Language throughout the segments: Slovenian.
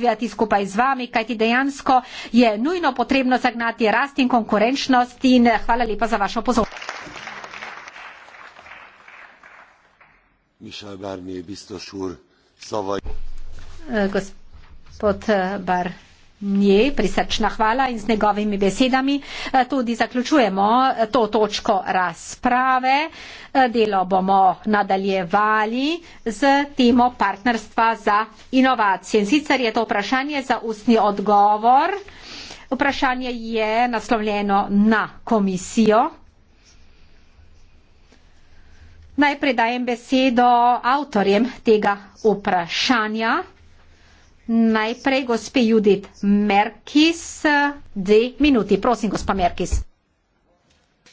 razvijati skupaj z vami, kajti dejansko je nujno potrebno zagnati rast in konkurenčnost in eh, hvala lepa za vašo pozornost. Eh, gospod eh, Bar. Njej prisrčna hvala in z njegovimi besedami eh, tudi zaključujemo eh, to točko razprave. Eh, delo bomo nadaljevali z temo partnerstva za inovacije. In sicer je to vprašanje za ustni odgovor. Vprašanje je naslovljeno na komisijo. Najprej dajem besedo avtorjem tega vprašanja. Najprej gospe Judith Merkis, dve minuti. Prosim, gospa Merkis.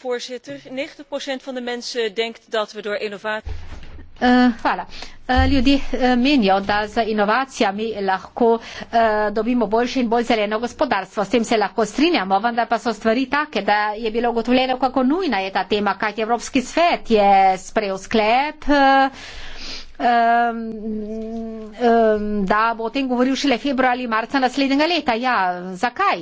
Voorzitter, 90% van de mensen denkt dat we door innovatie. Uh, hvala. Uh, ljudje uh, menijo, da z inovacijami lahko uh, dobimo boljše in bolj zeleno gospodarstvo. S tem se lahko strinjamo, vendar pa so stvari take, da je bilo ugotovljeno, kako nujna je ta tema, kajti Evropski svet je sprejel sklep. Uh, um, da bo o tem govoril šele februar ali marca naslednjega leta. Ja, zakaj?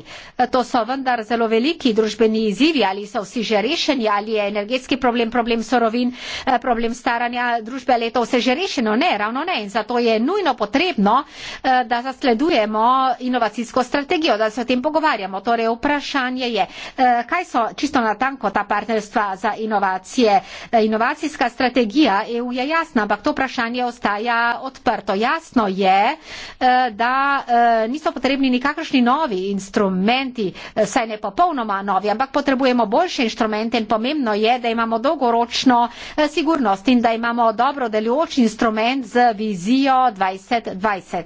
To so vendar zelo veliki družbeni izzivi, ali so vsi že rešeni, ali je energetski problem, problem sorovin, eh, problem staranja družbe, ali je to vse že rešeno? Ne, ravno ne. In zato je nujno potrebno, eh, da zasledujemo inovacijsko strategijo, da se o tem pogovarjamo. Torej, vprašanje je, eh, kaj so čisto natanko ta partnerstva za inovacije. Inovacijska strategija EU je jasna, ampak to vprašanje vprašanje ostaja odprto. Jasno je, eh, da eh, niso potrebni nikakršni novi instrumenti, eh, saj ne popolnoma novi, ampak potrebujemo boljše inštrumente in pomembno je, da imamo dolgoročno sigurnost in da imamo dobro deljoč instrument z vizijo 2020.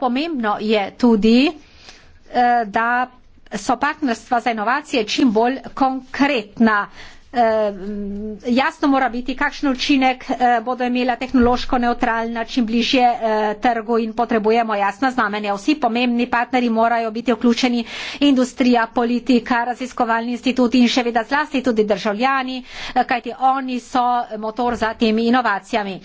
Pomembno je tudi, da so partnerstva za inovacije čim bolj konkretna. Uh, jasno mora biti, kakšen učinek uh, bodo imela tehnološko neutralna čim bližje uh, trgu in potrebujemo jasna znamenja. Vsi pomembni partneri morajo biti vključeni, industrija, politika, raziskovalni instituti in še vedno zlasti tudi državljani, uh, kajti oni so motor za temi inovacijami.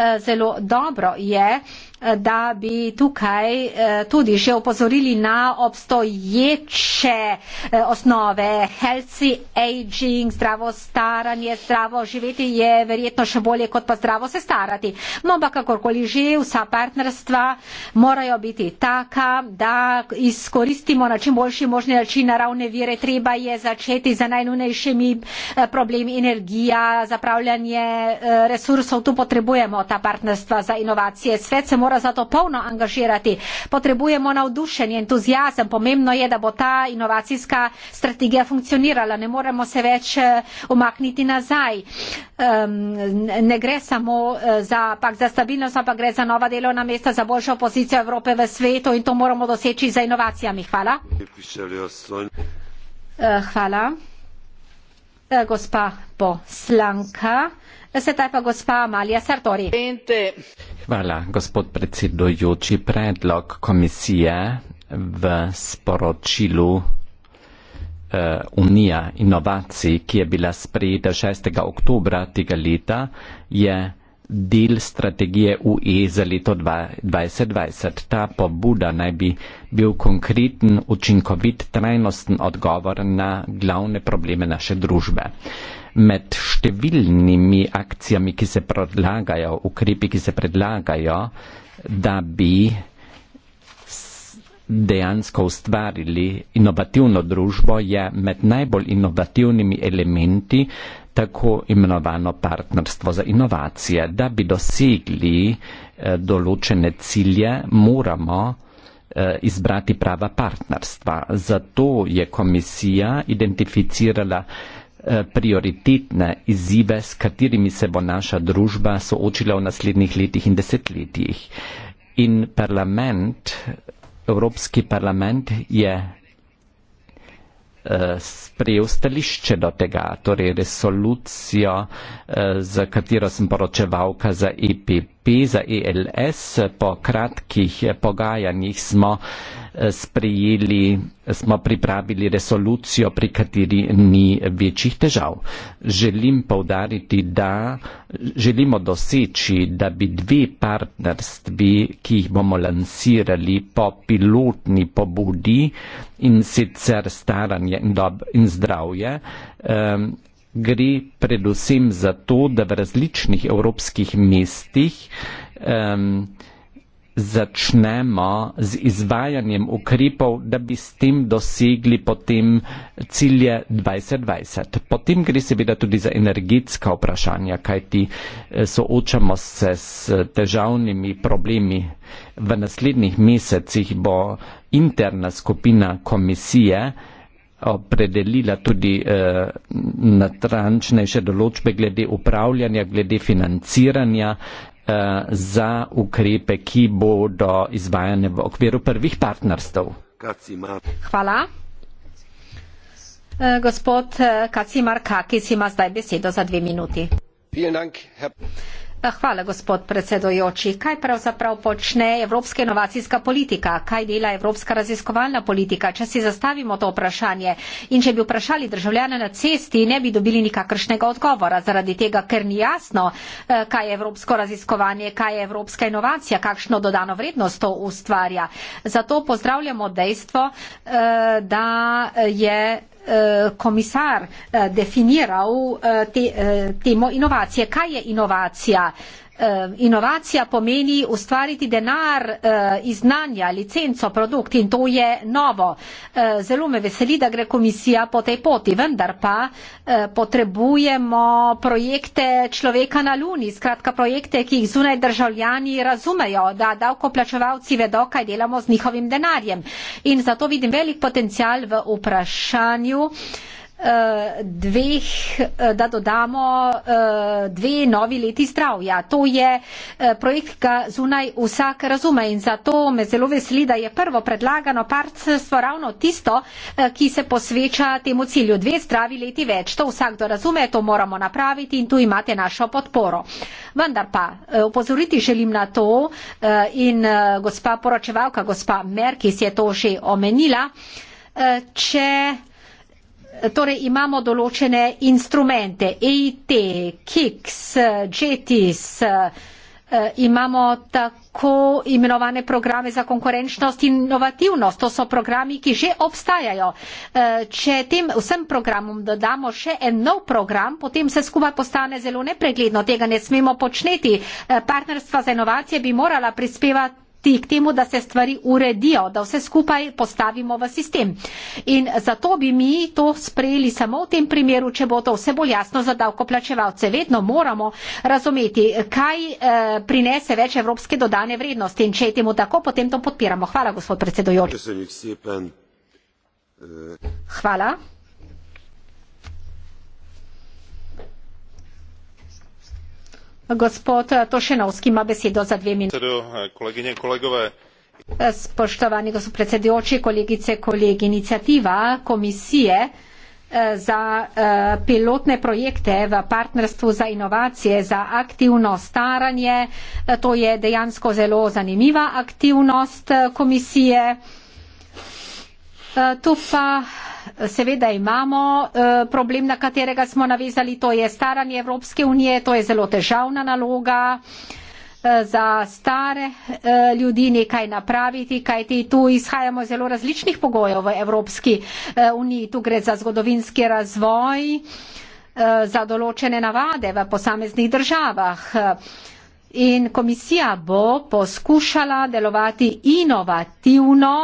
Uh, zelo dobro je, uh, da bi tukaj eh, tudi že opozorili na obstoječe eh, osnove. Healthy aging, zdravo staranje, zdravo živeti je verjetno še bolje kot pa zdravo se starati. No, pa kakorkoli že, vsa partnerstva morajo biti taka, da izkoristimo na čim boljši možni način naravne vire. Treba je začeti za najnunejšimi eh, problemi energija, zapravljanje resursov. Tu potrebujemo ta partnerstva za inovacije. Svet se mora mora za to polno angažirati. Potrebujemo navdušenje, entuzijazem. Pomembno je, da bo ta inovacijska strategija funkcionirala. Ne moremo se več eh, umakniti nazaj. Ne gre samo eh, za, pak, za stabilnost, ampak gre za nova delovna mesta, za boljšo pozicijo Evrope v svetu in to moramo doseči za inovacijami. Hvala. Hvala. Eh, Eh, gospa poslanka. Sedaj pa gospa Amalija Sartori. Hvala, gospod predsedujoči. Predlog komisije v sporočilu eh, Unija inovacij, ki je bila sprejeta 6. oktobra tega leta, je del strategije UE za leto 2020. Ta pobuda naj bi bil konkreten, učinkovit, trajnosten odgovor na glavne probleme naše družbe. Med številnimi akcijami, ki se predlagajo, ukrepi, ki se predlagajo, da bi dejansko ustvarili inovativno družbo, je med najbolj inovativnimi elementi uh, tako imenovano partnerstvo za inovacije. Da bi dosegli eh, določene cilje, moramo eh, izbrati prava partnerstva. Zato je komisija identificirala eh, prioritetne izzive, s katerimi se bo naša družba soočila v naslednjih letih in desetletjih. In parlament, Evropski parlament je Eh, sprejel stališče do tega, torej resolucijo, eh, za katero sem poročevalka za EPP, za ELS. Po kratkih pogajanjih smo uh, Eh, sprejeli, smo pripravili resolucijo, pri kateri ni večjih težav. Želim povdariti, da želimo doseči, da bi dve partnerstvi, ki jih bomo lansirali po pilotni pobudi in sicer staranje in, dob, in zdravje, um, gre predvsem za to, da v različnih evropskih mestih um, začnemo z izvajanjem ukrepov, da bi s tem dosegli potem cilje 2020. Potem gre seveda tudi za energetska vprašanja, kajti eh, soočamo se s težavnimi problemi. V naslednjih mesecih bo interna skupina komisije opredelila tudi eh, natrančnejše določbe glede upravljanja, glede financiranja eh, Eh, za ukrepe, ki bodo izvajane v okviru prvih partnerstv. Hvala. Eh, gospod eh, Kacimar Kakis ima zdaj besedo za dve minuti. Eh, hvala, gospod predsedojoči. Kaj pravzaprav počne evropska inovacijska politika? Kaj dela evropska raziskovalna politika? Če si zastavimo to vprašanje in če bi vprašali državljane na cesti, ne bi dobili nikakršnega odgovora, zaradi tega, ker ni jasno, eh, kaj je evropsko raziskovanje, kaj je evropska inovacija, kakšno dodano vrednost to ustvarja. Zato pozdravljamo dejstvo, eh, da je Eh, komisar eh, definiral eh, te, temo inovacije. Kaj je inovacija? Eh, inovacija pomeni ustvariti denar eh, iz znanja, licenco, produkt in to je novo. Eh, zelo me veseli, da gre komisija po tej poti, vendar pa potrebujemo projekte človeka na luni, skratka projekte, ki jih zunaj državljani razumejo, da davkoplačevalci vedo, kaj delamo z njihovim denarjem. In zato vidim velik potencial v vprašanju. Eh, dveh, eh, da dodamo eh, dve novi leti zdravja. To je projekt, ki ga zunaj vsak razume in zato me zelo veseli, da je prvo predlagano partnerstvo ravno tisto, ki se posveča temu cilju. Dve zdravi leti več. To vsakdo razume, to moramo napraviti in tu imate našo podporo. Vendar pa upozoriti želim na to in gospa poročevalka, gospa Merkis je to že omenila. Če torej imamo določene instrumente, EIT, KICS, JETIS, eh, imamo tako imenovane programe za konkurenčnost in inovativnost. To so programi, ki že obstajajo. Eh, če tem vsem programom dodamo še en nov program, potem se skupaj postane zelo nepregledno. Tega ne smemo početi. Eh, partnerstva za inovacije bi morala prispevati ti k temu, da se stvari uredijo, da vse skupaj postavimo v sistem. In zato bi mi to sprejeli samo v tem primeru, če bo to vse bolj jasno za davkoplačevalce. Vedno moramo razumeti, kaj eh, prinese več evropske dodane vrednosti in če je temu tako, potem to podpiramo. Hvala, gospod predsedujoč. Hvala. Gospod Tošenovski ima besedo za dve minute. Spoštovani gospod predsedujoči, kolegice, kolegi, inicijativa komisije eh, za eh, pilotne projekte v partnerstvu za inovacije, za aktivno staranje, eh, to je dejansko zelo zanimiva aktivnost komisije. Eh, to pa eh, seveda imamo eh, problem, na katerega smo navezali, to je staranje Evropske unije, to je zelo težavna naloga za stare ljudi nekaj napraviti, kajti tu izhajamo zelo različnih pogojev v Evropski uniji, tu gre za zgodovinski razvoj, za določene navade v posameznih državah. In komisija bo poskušala delovati inovativno,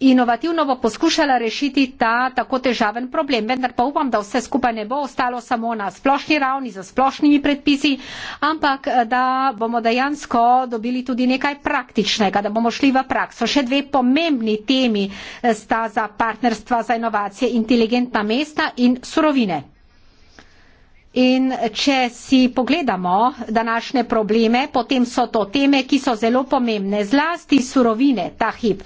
inovativno bo poskušala rešiti ta tako težaven problem. Vendar pa upam, da vse skupaj ne bo ostalo samo na splošni ravni, za splošnimi predpisi, ampak eh, da bomo dejansko dobili tudi nekaj praktičnega, da bomo šli v prakso. Še dve pomembni temi eh, sta za partnerstva za inovacije, inteligentna mesta in surovine. In če si pogledamo današnje probleme, potem so to teme, ki so zelo pomembne, zlasti surovine ta hip.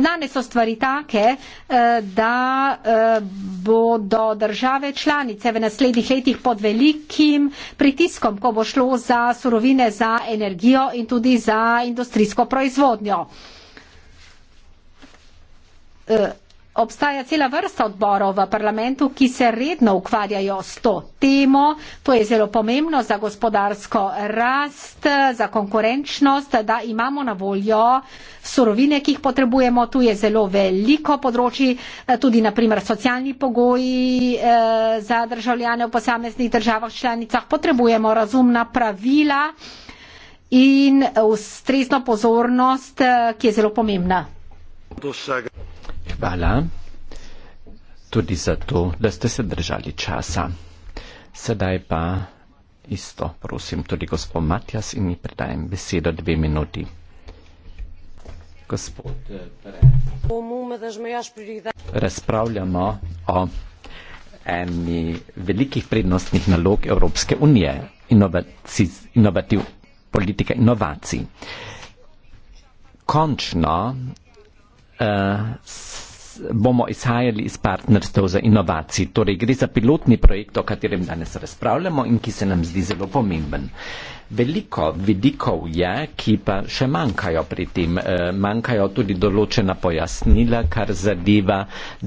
Danes so stvari take, eh, da eh, bodo države članice v naslednjih letih pod velikim pritiskom, ko bo šlo za surovine, za energijo in tudi za industrijsko proizvodnjo. Eh, obstaja cela vrsta odborov v parlamentu, ki se redno ukvarjajo s to temo. To je zelo pomembno za gospodarsko rast, za konkurenčnost, da imamo na voljo surovine, ki jih potrebujemo. Tu je zelo veliko področji, eh, tudi naprimer socialni pogoji eh, za državljane v posameznih državah članicah. Potrebujemo razumna pravila in ustrezno pozornost, eh, ki je zelo pomembna. Hvala tudi za to, da ste se držali časa. Sedaj pa isto prosim tudi gospod Matjas in mi predajem besedo dve minuti. Gospod, eh, razpravljamo o eni velikih prednostnih nalog Evropske unije, inovativ, politika inovacij. Končno Eh, bomo izhajali iz partnerstv za inovacij. Torej, gre za pilotni projekt, o katerem danes razpravljamo in ki se nam zdi zelo pomemben. Veliko vidikov je, ki pa še manjkajo pri tem. Eh, manjkajo tudi določena pojasnila, kar zadeva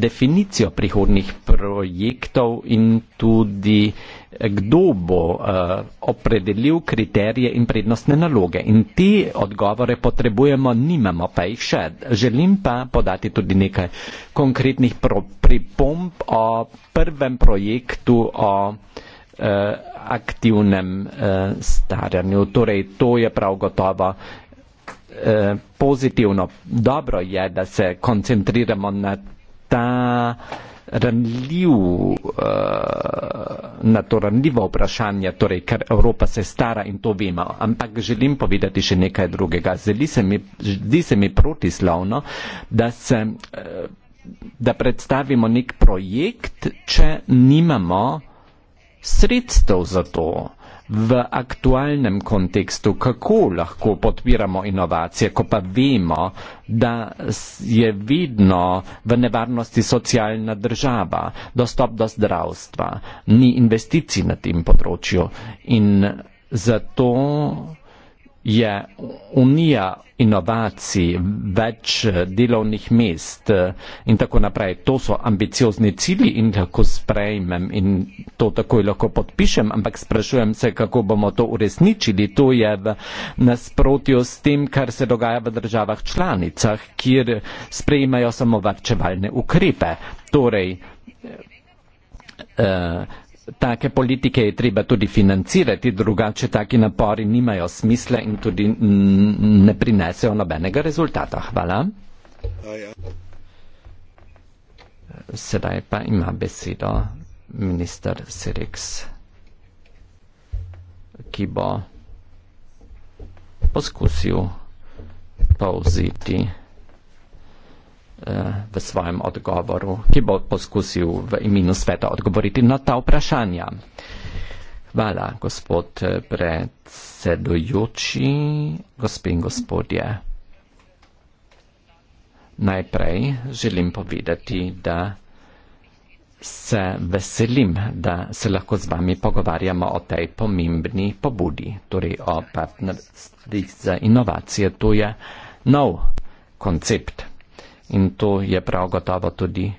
definicijo prihodnih projektov in tudi eh, kdo bo eh, opredelil kriterije in prednostne naloge. In ti odgovore potrebujemo, nimamo pa jih še. Želim pa podati tudi nekaj konkretnih pripomp o prvem projektu o eh, aktivnem eh, staranju. Torej, to je prav gotovo pozitivno. Dobro je, da se koncentriramo na ta ranljiv uh, na to ranljivo vprašanje, torej, ker Evropa se stara in to vemo. Ampak želim povedati še nekaj drugega. Zdi se mi, zdi se mi protislavno, da se. Uh, da predstavimo nek projekt, če nimamo sredstev za to v aktualnem kontekstu, kako lahko podpiramo inovacije, ko pa vemo, da je vidno v nevarnosti socialna država, dostop do zdravstva, ni investicij na tem področju in zato je unija inovacij, več eh, delovnih mest eh, in tako naprej. To so ambiciozni cilji in tako sprejmem in to takoj lahko podpišem, ampak sprašujem se, kako bomo to uresničili. To je v nasprotju s tem, kar se dogaja v državah članicah, kjer sprejmajo samo varčevalne ukrepe. Torej, eh, take politike je treba tudi financirati, drugače taki napori nimajo smisla in tudi ne prinesejo nobenega rezultata. Hvala. Sedaj pa ima besedo minister Sireks, ki bo poskusil povziti v svojem odgovoru, ki bo poskusil v imenu sveta odgovoriti na ta vprašanja. Hvala, gospod eh, predsedujoči, gospe in gospodje. Najprej želim povedati, da se veselim, da se lahko z vami pogovarjamo o tej pomembni pobudi, torej o partnerstvih za inovacije. To je nov koncept in to je prav gotovo tudi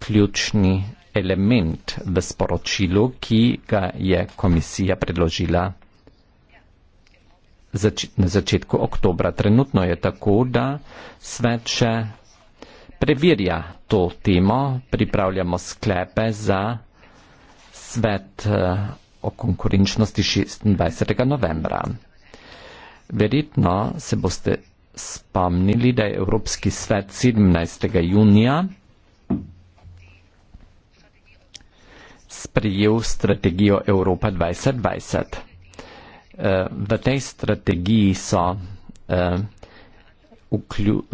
ključni element v sporočilu, ki ga je komisija predložila zač na začetku oktobra. Trenutno je tako, da svet še preverja to temo, pripravljamo sklepe za svet eh, o konkurenčnosti 26. novembra. Verjetno se boste spomnili, da je Evropski svet 17. junija sprijel strategijo Evropa 2020. Eh, v tej strategiji so, eh,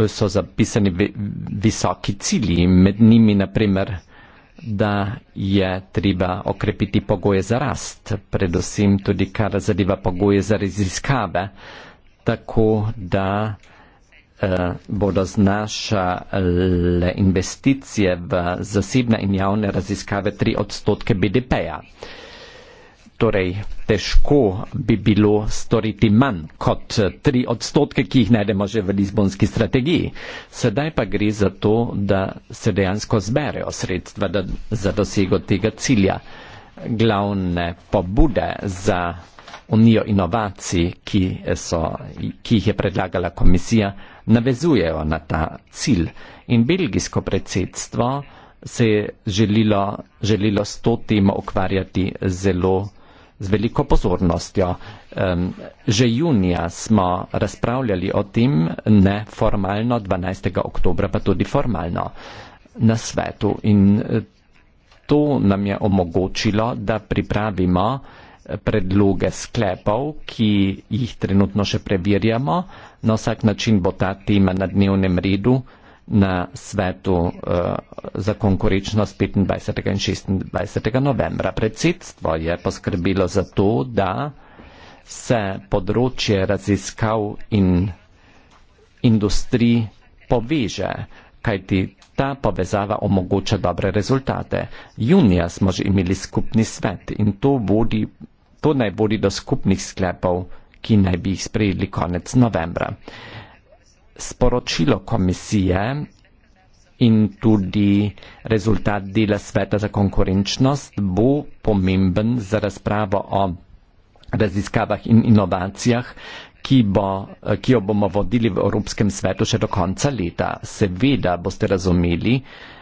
so zapisani visoki cilji, med njimi naprimer, da je treba okrepiti pogoje za rast, predvsem tudi kar zadeva pogoje za raziskave, tako da Eh, bodo znašale investicije v zasebne in javne raziskave 3 odstotke BDP-ja. Torej, težko bi bilo storiti manj kot 3 odstotke, ki jih najdemo že v Lizbonski strategiji. Sedaj pa gre za to, da se dejansko zberejo sredstva da, za dosego tega cilja. Glavne pobude za unijo inovacij, ki, so, ki jih je predlagala komisija, navezujejo na ta cilj. In belgijsko predsedstvo se je želilo, želilo s to temo ukvarjati zelo z veliko pozornostjo. Um, že junija smo razpravljali o tem, ne formalno, 12. oktobra pa tudi formalno na svetu. In eh, to nam je omogočilo, da pripravimo uh, predloge sklepov, ki jih trenutno še preverjamo. Na vsak način bo ta tema na dnevnem redu na svetu uh, za konkurenčnost 25. in 26. novembra. Predsedstvo je poskrbilo za to, da se področje raziskav in industrij poveže, kajti ta povezava omogoča dobre rezultate. Junija smo že imeli skupni svet in to vodi to naj bodi do skupnih sklepov, ki naj bi jih sprejeli konec novembra. Sporočilo komisije in tudi rezultat dela sveta za konkurenčnost bo pomemben za razpravo o raziskavah in inovacijah, ki, bo, ki jo bomo vodili v Evropskem svetu še do konca leta. Seveda boste razumeli,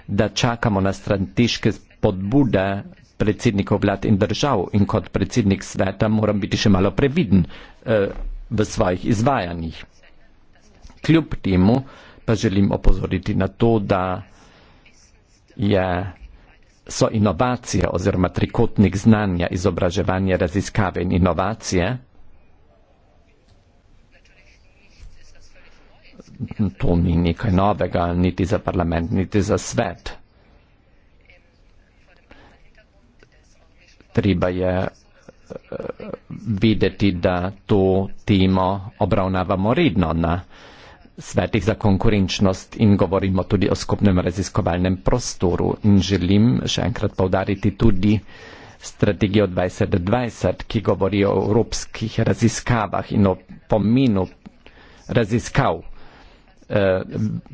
da čakamo na strateške podbude predsednikov vlad in držav in kot predsednik sveta moram biti še malo previden eh, v svojih izvajanjih. Kljub temu pa želim opozoriti na to, da je, so inovacije oziroma trikotnik znanja, izobraževanje, raziskave in inovacije. To ni nekaj novega, niti za parlament, niti za svet. treba je eh, videti, da to temo obravnavamo redno na svetih za konkurenčnost in govorimo tudi o skupnem raziskovalnem prostoru. In želim še enkrat povdariti tudi strategijo 2020, ki govori o evropskih raziskavah in o pomenu raziskav. Eh,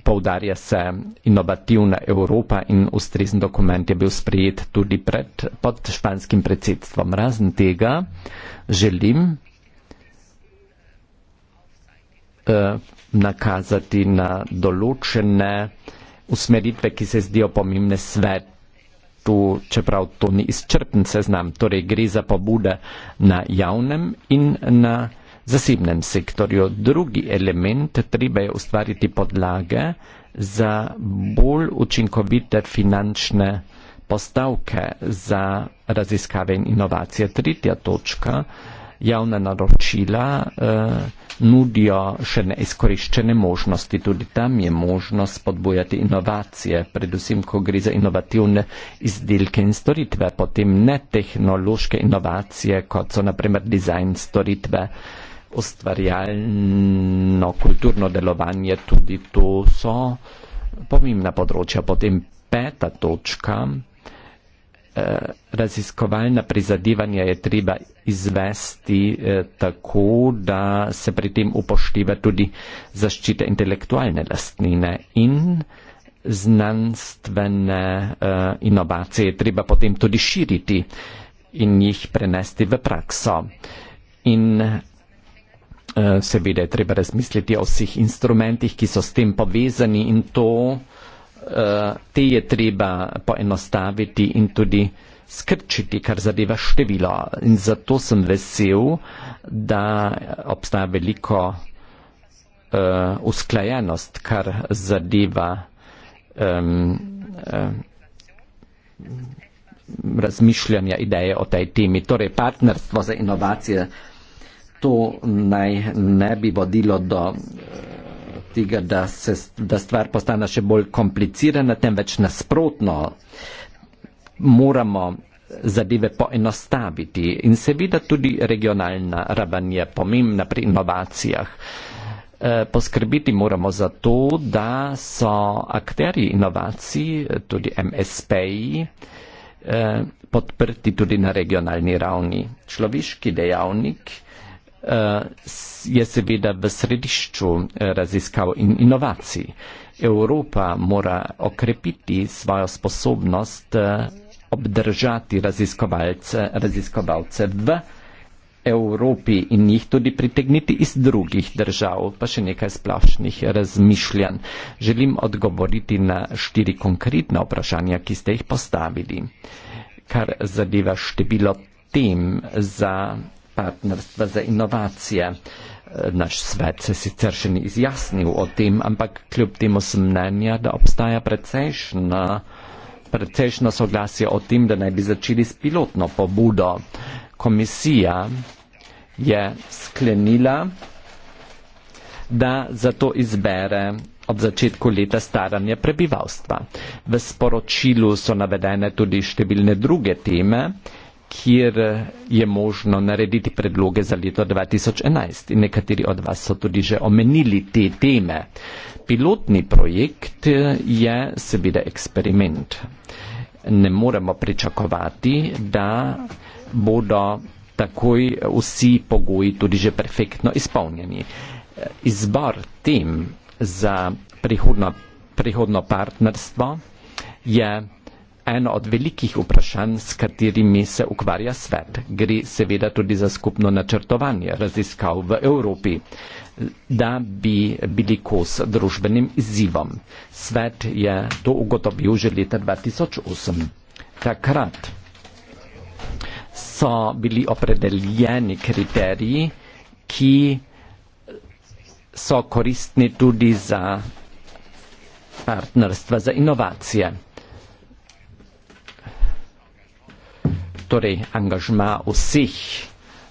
poudarja se inovativna Evropa in ustrezen dokument je bil sprejet tudi pred, pod španskim predsedstvom. Razen tega želim eh, nakazati na določene usmeritve, ki se zdijo pomembne svet. Tu, čeprav to ni izčrpen seznam, torej gre za pobude na javnem in na javnem zasebnem sektorju. Drugi element, treba je ustvariti podlage za bolj učinkovite finančne postavke za raziskave in inovacije. Tretja točka, javna naročila eh, nudijo še neizkoriščene možnosti. Tudi tam je možnost spodbujati inovacije, predvsem, ko gre za inovativne izdelke in storitve, potem ne tehnološke inovacije, kot so naprimer dizajn storitve. Eh, ustvarjalno kulturno delovanje tudi tu so pomembna področja. Potem peta točka, eh, raziskovalna prizadivanja je treba izvesti eh, tako, da se pri tem upošteva tudi zaščite intelektualne lastnine in znanstvene eh, inovacije. Treba potem tudi širiti in jih prenesti v prakso. In Eh, seveda je treba razmisliti o vseh instrumentih, ki so s tem povezani in to, eh, te je treba poenostaviti in tudi skrčiti, kar zadeva število. In zato sem vesel, da obstaja veliko uh, usklajenost, kar zadeva um, um, razmišljanja ideje o tej temi. Torej, partnerstvo za inovacije to naj ne bi vodilo do eh, tega, da, se, da stvar postane še bolj komplicirana, temveč nasprotno moramo zadeve poenostaviti in seveda tudi regionalna raven je pomembna pri inovacijah. E, poskrbiti moramo za to, da so akteri inovacij, tudi MSP-ji, e, eh, podprti tudi na regionalni ravni. Človeški dejavnik Eh, je seveda v središču eh, raziskav in inovacij. Evropa mora okrepiti svojo sposobnost eh, obdržati raziskovalce, raziskovalce v Evropi in jih tudi pritegniti iz drugih držav, pa še nekaj splošnih razmišljanj. Želim odgovoriti na štiri konkretna vprašanja, ki ste jih postavili, kar zadeva število tem za partnerstva za inovacije. Naš svet se sicer še ni izjasnil o tem, ampak kljub temu sem mnenja, da obstaja precejšna precejšno soglasje o tem, da naj bi začeli s pilotno pobudo. Komisija je sklenila, da zato izbere ob začetku leta staranje prebivalstva. V sporočilu so navedene tudi številne druge teme, kjer eh, je možno narediti predloge za leto 2011. In nekateri od vas so tudi že omenili te teme. Pilotni projekt eh, je seveda eksperiment. Ne moremo pričakovati, da bodo takoj vsi pogoji tudi že perfektno izpolnjeni. Eh, izbor tem za prihodno, prihodno partnerstvo je eno od velikih vprašanj, s katerimi se ukvarja svet. Gre seveda tudi za skupno načrtovanje raziskav v Evropi, da bi bili kos družbenim izzivom. Svet je to ugotovil že leta 2008. Takrat so bili opredeljeni kriteriji, ki so koristni tudi za partnerstva za inovacije. torej angažma vseh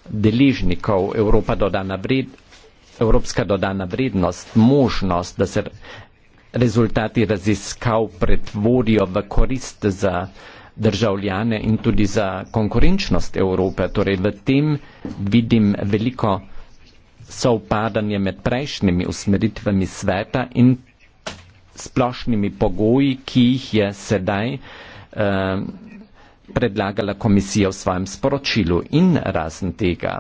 deležnikov Evropa dodana vred, Evropska dodana vrednost, možnost, da se rezultati raziskav pretvorijo v korist za državljane in tudi za konkurenčnost Evrope. Torej v tem vidim veliko sovpadanje med prejšnjimi usmeritvami sveta in splošnimi pogoji, ki jih je sedaj eh, predlagala komisija v svojem sporočilu in razen tega,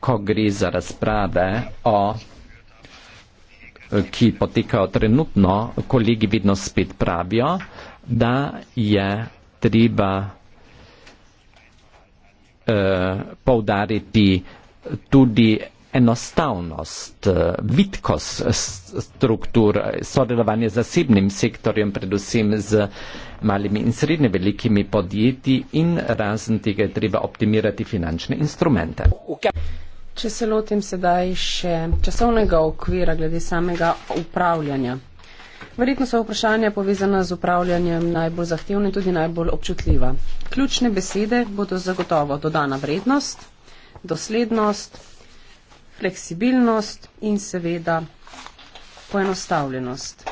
ko gre za razprave o ki potekajo trenutno, kolegi vedno spet pravijo, da je treba eh, poudariti tudi enostavnost, eh, vitkost struktur, sodelovanje z zasebnim sektorjem, predvsem z malimi in srednje velikimi podjetji in razen tega je treba optimirati finančne instrumente. Če se lotim sedaj še časovnega okvira glede samega upravljanja. Verjetno so vprašanja povezana z upravljanjem najbolj zahtevne in tudi najbolj občutljiva. Ključne besede bodo zagotovo dodana vrednost, doslednost, fleksibilnost in seveda poenostavljenost.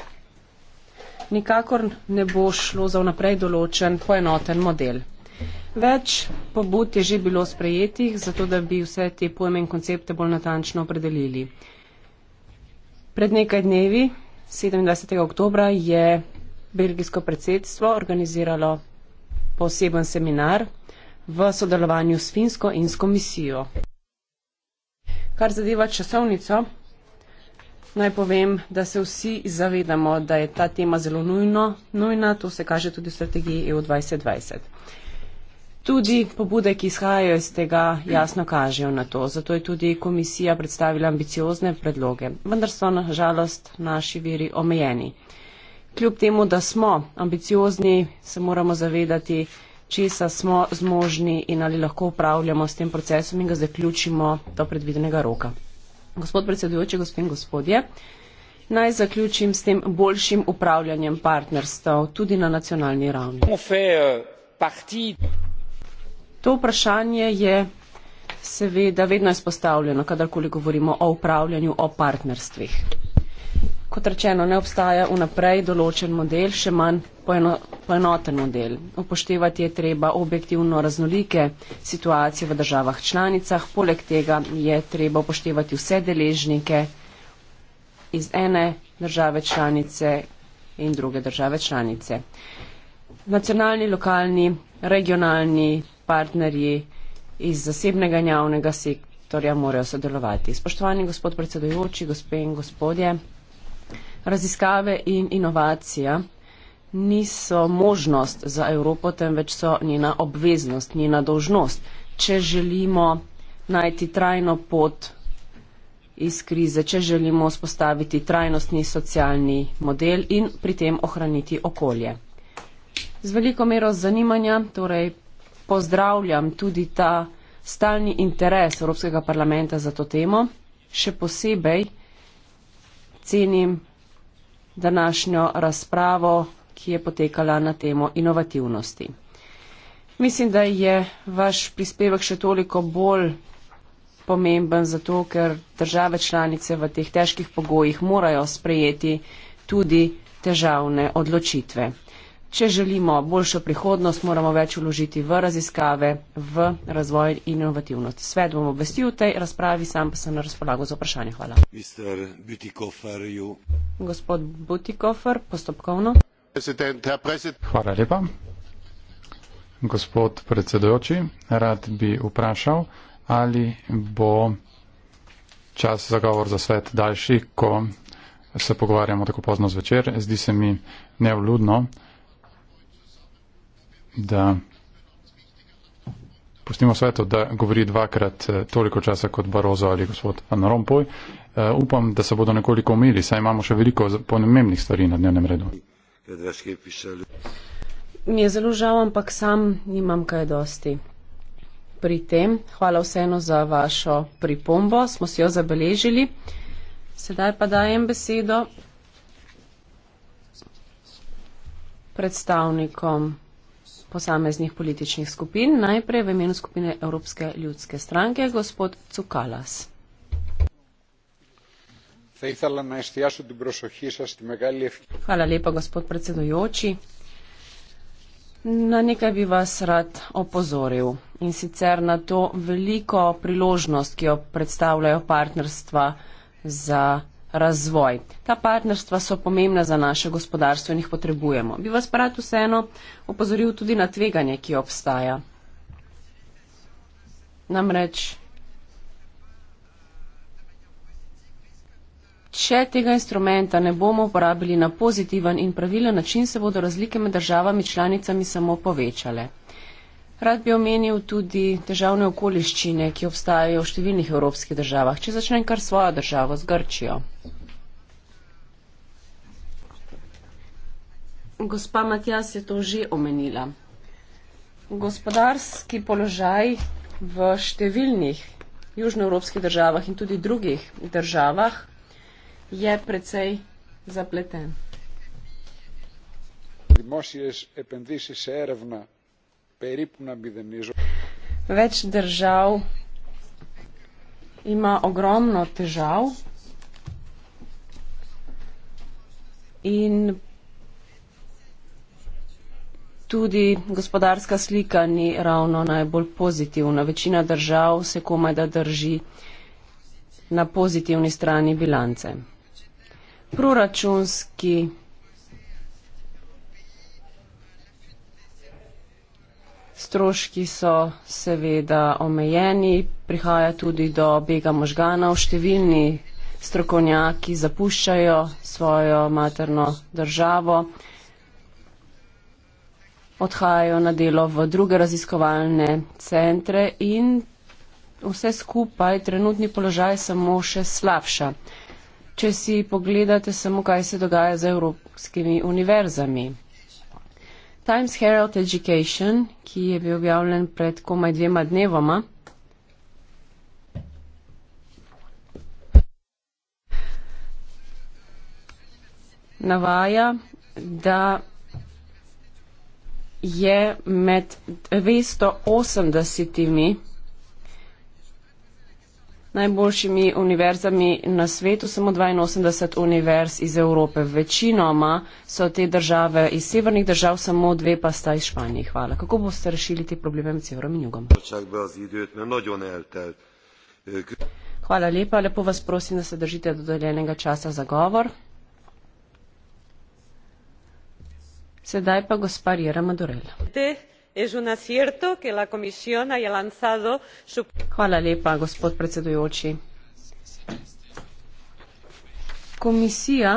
Nikakor ne bo šlo za vnaprej določen poenoten model. Več pobud je že bilo sprejetih, zato da bi vse te pojme in koncepte bolj natančno opredelili. Pred nekaj dnevi, 27. oktobra, je belgijsko predsedstvo organiziralo poseben seminar v sodelovanju s Finsko in s komisijo. Kar zadeva časovnico, naj povem, da se vsi zavedamo, da je ta tema zelo nujno, nujna, to se kaže tudi v strategiji EU 2020. Tudi pobude, ki izhajajo iz tega, jasno kažejo na to. Zato je tudi komisija predstavila ambiciozne predloge. Vendar so na žalost naši viri omejeni. Kljub temu, da smo ambiciozni, se moramo zavedati, česa smo zmožni in ali lahko upravljamo s tem procesom in ga zaključimo do predvidenega roka. Gospod predsedujoči, gospodin gospodje, naj zaključim s tem boljšim upravljanjem partnerstva tudi na nacionalni ravni. Euh, to vprašanje je seveda vedno izpostavljeno, kadarkoli govorimo o upravljanju, o partnerstvih kot rečeno, ne obstaja vnaprej določen model, še manj poeno, poenoten model. Upoštevati je treba objektivno raznolike situacije v državah članicah, poleg tega je treba upoštevati vse deležnike iz ene države članice in druge države članice. Nacionalni, lokalni, regionalni partnerji iz zasebnega in javnega sektorja morajo sodelovati. Spoštovani gospod predsedujoči, gospe in gospodje, raziskave in inovacija niso možnost za Evropo, temveč so njena obveznost, njena dožnost. Če želimo najti trajno pot iz krize, če želimo spostaviti trajnostni socialni model in pri tem ohraniti okolje. Z veliko mero zanimanja torej pozdravljam tudi ta stalni interes Evropskega parlamenta za to temo. Še posebej cenim današnjo razpravo, ki je potekala na temo inovativnosti. Mislim, da je vaš prispevek še toliko bolj pomemben zato, ker države članice v teh težkih pogojih morajo sprejeti tudi težavne odločitve. Če želimo boljšo prihodnost, moramo več vložiti v raziskave, v razvoj in inovativnost. Svet bom obvestil v tej razpravi, sam pa sem na razpolago za vprašanje. Hvala. Gospod Butikofer, postopkovno. Hvala lepa. Gospod predsedojoči, rad bi vprašal, ali bo čas za govor za svet daljši, ko se pogovarjamo tako pozno zvečer. Zdi se mi nevludno da pustimo sveto, da govori dvakrat eh, toliko časa kot Barozo ali gospod Anarompoj. Eh, upam, da se bodo nekoliko umili, saj imamo še veliko pomembnih stvari na dnevnem redu. Mi je zelo žal, ampak sam nimam kaj dosti. Pri tem, hvala vseeno za vašo pripombo, smo si jo zabeležili. Sedaj pa dajem besedo predstavnikom posameznih političnih skupin. Najprej v imenu skupine Evropske ljudske stranke, gospod Cukalas. Hvala lepa, gospod predsedujoči. Na nekaj bi vas rad opozoril in sicer na to veliko priložnost, ki jo predstavljajo partnerstva za razvoj. Ta partnerstva so pomembna za naše gospodarstvo in jih potrebujemo. Bi vas pa rad vseeno opozoril tudi na tveganje, ki obstaja. Namreč, če tega instrumenta ne bomo uporabili na pozitiven in pravilen način, se bodo razlike med državami članicami samo povečale. Rad bi omenil tudi težavne okoliščine, ki obstajajo v številnih evropskih državah. Če začnem kar svojo državo z Grčijo. Gospa Matjas je to že omenila. Gospodarski položaj v številnih južnoevropskih državah in tudi drugih državah je precej zapleten. Limosijes, Več držav ima ogromno težav in tudi gospodarska slika ni ravno najbolj pozitivna. Večina držav se komaj da drži na pozitivni strani bilance. Proračunski Stroški so seveda omejeni, prihaja tudi do bega možganov. Številni strokovnjaki zapuščajo svojo materno državo, odhajajo na delo v druge raziskovalne centre in vse skupaj trenutni položaj samo še slabša. Če si pogledate samo, kaj se dogaja z evropskimi univerzami. Times Herald Education, ki je bil objavljen pred komaj dvema dnevoma. Navaja, da je med 280 najboljšimi univerzami na svetu, samo 82 univerz iz Evrope. Večinoma so te države iz severnih držav, samo dve pa sta iz Španije. Hvala. Kako boste rešili te probleme med severom in jugom? Hvala lepa. Lepo vas prosim, da se držite dodeljenega časa za govor. Sedaj pa gospa Jera Madurela es un acierto que la comisión haya lanzado su Komisija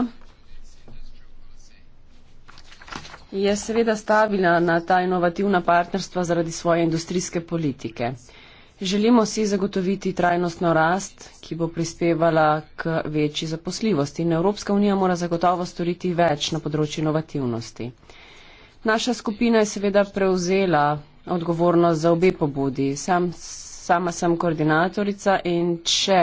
je seveda stavila na ta inovativna partnerstva zaradi svoje industrijske politike. Želimo si zagotoviti trajnostno rast, ki bo prispevala k večji zaposljivosti in Evropska unija mora zagotovo storiti več na področju inovativnosti. Naša skupina je seveda prevzela odgovornost za obe pobudi. Sam, sama sem koordinatorica in če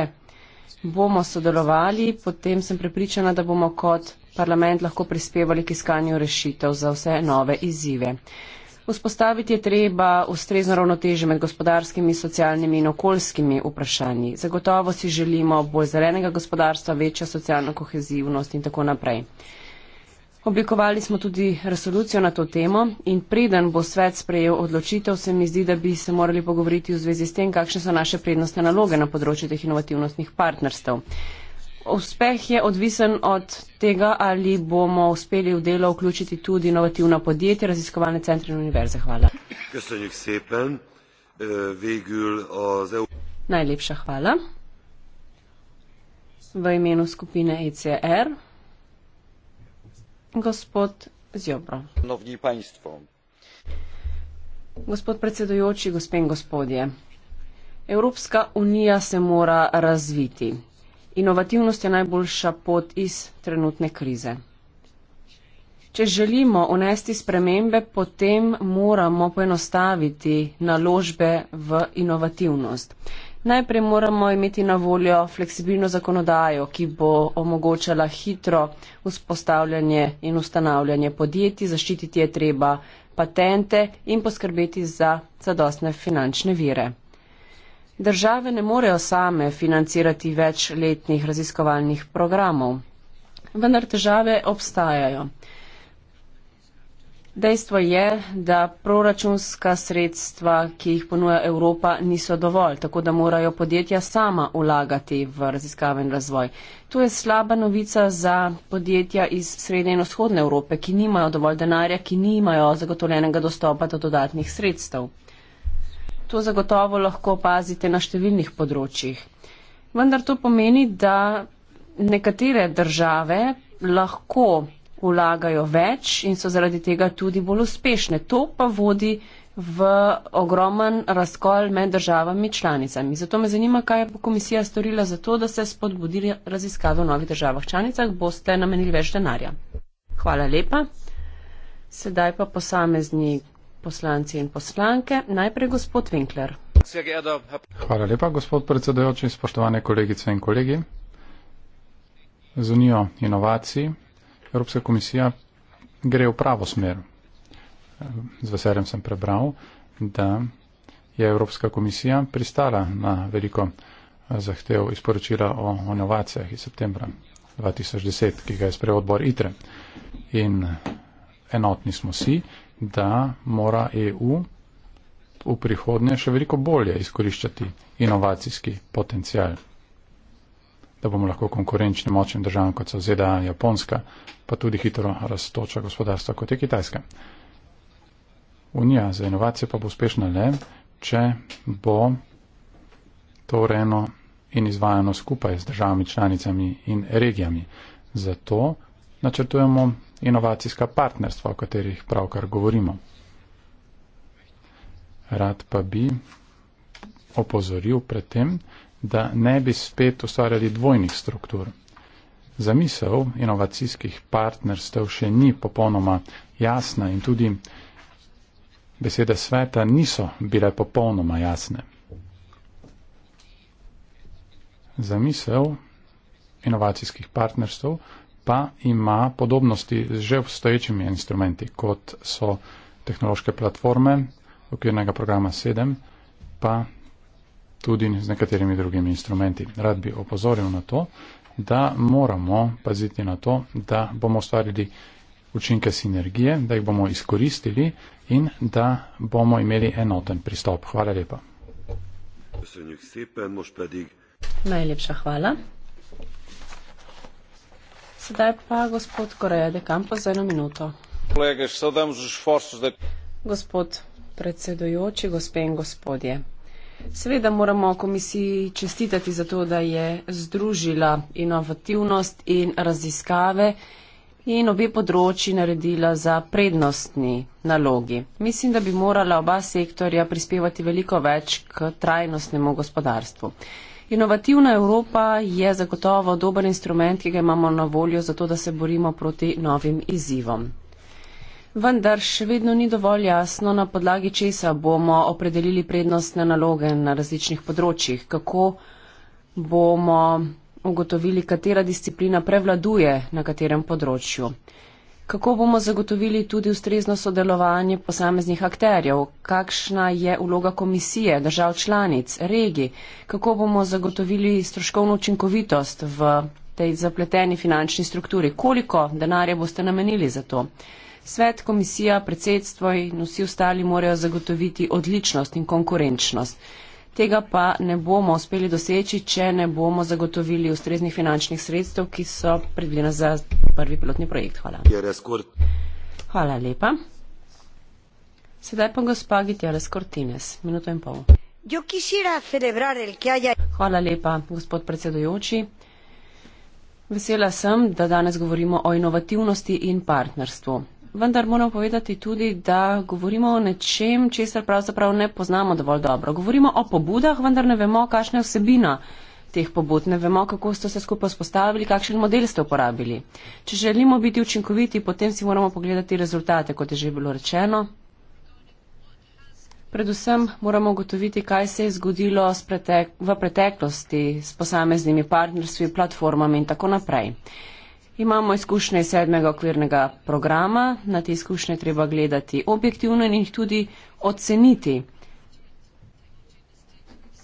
bomo sodelovali, potem sem prepričana, da bomo kot parlament lahko prispevali k iskanju rešitev za vse nove izzive. Vzpostaviti je treba ustrezno ravnoteže med gospodarskimi, socialnimi in okoljskimi vprašanji. Zagotovo si želimo bolj zelenega gospodarstva, večjo socialno kohezivnost in tako naprej. Oblikovali smo tudi resolucijo na to temo in preden bo svet sprejel odločitev, se mi zdi, da bi se morali pogovoriti v zvezi s tem, kakšne so naše prednostne naloge na področju teh inovativnostnih partnerstv. Uspeh je odvisen od tega, ali bomo uspeli v delo vključiti tudi inovativna podjetja, raziskovalne centre in univerze. Hvala. Najlepša hvala. V imenu skupine ECR gospod predsedujoči gospe in gospodje evropska unija se mora razviti inovativnost je najboljša pot iz trenutne krize če želimo unesti spremembe potem moramo poenostaviti naložbe v inovativnost. Najprej moramo imeti na voljo fleksibilno zakonodajo, ki bo omogočala hitro vzpostavljanje in ustanavljanje podjetij, zaščititi je treba patente in poskrbeti za zadostne finančne vire. Države ne morejo same financirati večletnih raziskovalnih programov, vendar težave obstajajo. Dejstvo je, da proračunska sredstva, ki jih ponuja Evropa, niso dovolj, tako da morajo podjetja sama ulagati v raziskave in razvoj. To je slaba novica za podjetja iz srednje in vzhodne Evrope, ki nimajo dovolj denarja, ki nimajo zagotovljenega dostopa do dodatnih sredstev. To zagotovo lahko opazite na številnih področjih. Vendar to pomeni, da nekatere države lahko vlagajo več in so zaradi tega tudi bolj uspešne. To pa vodi v ogromen razkol med državami članicami. Zato me zanima, kaj bo komisija storila za to, da se spodbudi raziskave v novih državah članicah. Boste namenili več denarja. Hvala lepa. Sedaj pa posamezni poslanci in poslanke. Najprej gospod Winkler. Hvala lepa, gospod predsedojoči, spoštovane kolegice in kolegi. Zunijo inovaciji, Evropska komisija gre v pravo smer. Z veseljem sem prebral, da je Evropska komisija pristala na veliko eh, zahtev izporočila o inovacijah iz septembra 2010, ki ga je sprejel odbor ITRE. In eh, enotni smo si, da mora EU v prihodnje še veliko bolje izkoriščati inovacijski potencial da bomo lahko konkurenčni močnim državam, kot so ZDA, Japonska, pa tudi hitro raztoča gospodarstva, kot je Kitajska. Unija za inovacije pa bo uspešna le, če bo to urejeno in izvajano skupaj z državami, članicami in regijami. Zato načrtujemo inovacijska partnerstva, o katerih pravkar govorimo. Rad pa bi opozoril predtem, da ne bi spet ustvarjali dvojnih struktur. Zamisel inovacijskih partnerstev še ni popolnoma jasna in tudi besede sveta niso bile popolnoma jasne. Zamisel inovacijskih partnerstv pa ima podobnosti z že obstoječimi instrumenti, kot so tehnološke platforme, okvirnega programa 7, pa tudi z nekaterimi drugimi instrumenti. Rad bi opozoril na to, da moramo paziti na to, da bomo ustvarili učinke sinergije, da jih bomo izkoristili in da bomo imeli enoten pristop. Hvala lepa. Najlepša hvala. Sedaj pa gospod Koreja de Campos za eno minuto. Gospod predsedujoči, gospe in gospodje. Seveda moramo komisiji čestitati za to, da je združila inovativnost in raziskave in obe področji naredila za prednostni nalogi. Mislim, da bi morala oba sektorja prispevati veliko več k trajnostnemu gospodarstvu. Inovativna Evropa je zagotovo dober instrument, ki ga imamo na voljo za to, da se borimo proti novim izzivom vendar še vedno ni dovolj jasno, na podlagi česa bomo opredelili prednostne naloge na različnih področjih, kako bomo ugotovili, katera disciplina prevladuje na katerem področju, kako bomo zagotovili tudi ustrezno sodelovanje posameznih akterjev, kakšna je uloga komisije, držav članic, regij, kako bomo zagotovili stroškovno učinkovitost v tej zapleteni finančni strukturi, koliko denarja boste namenili za to. Svet, komisija, predsedstvo in vsi ostali morajo zagotoviti odličnost in konkurenčnost. Tega pa ne bomo uspeli doseči, če ne bomo zagotovili ustreznih finančnih sredstev, ki so predvidena za prvi pilotni projekt. Hvala. Hvala lepa. Sedaj pa gospa Gitjara Skortines, minuto in pol. Hvala lepa, gospod predsedujoči. Vesela sem, da danes govorimo o inovativnosti in partnerstvu vendar moramo povedati tudi, da govorimo o nečem, česar pravzaprav ne poznamo dovolj dobro. Govorimo o pobudah, vendar ne vemo, kakšna je vsebina teh pobud, ne vemo, kako ste se skupaj spostavili, kakšen model ste uporabili. Če želimo biti učinkoviti, potem si moramo pogledati rezultate, kot je že bilo rečeno. Predvsem moramo ugotoviti, kaj se je zgodilo pretek v preteklosti s posameznimi partnerstvi, platformami in tako naprej. Imamo izkušnje iz sedmega okvirnega programa, na te izkušnje treba gledati objektivno in jih tudi oceniti.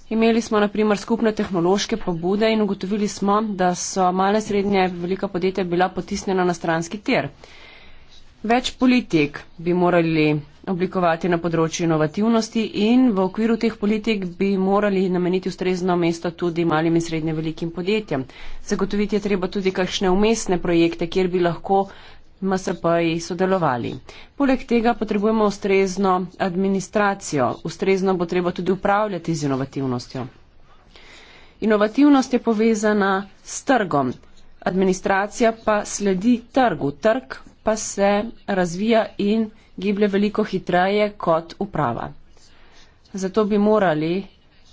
Imeli smo naprimer skupne tehnološke pobude in ugotovili smo, da so male srednje velika podjetja bila potisnjena na stranski tir. Več politik bi morali oblikovati na področju inovativnosti in v okviru teh politik bi morali nameniti ustrezno mesto tudi malim in srednje velikim podjetjem. Zagotoviti je treba tudi kakšne umestne projekte, kjer bi lahko MSP-ji sodelovali. Poleg tega potrebujemo ustrezno administracijo, ustrezno bo treba tudi upravljati z inovativnostjo. Inovativnost je povezana s trgom, administracija pa sledi trgu. Trg pa se razvija in giblje veliko hitreje kot uprava. Zato bi morali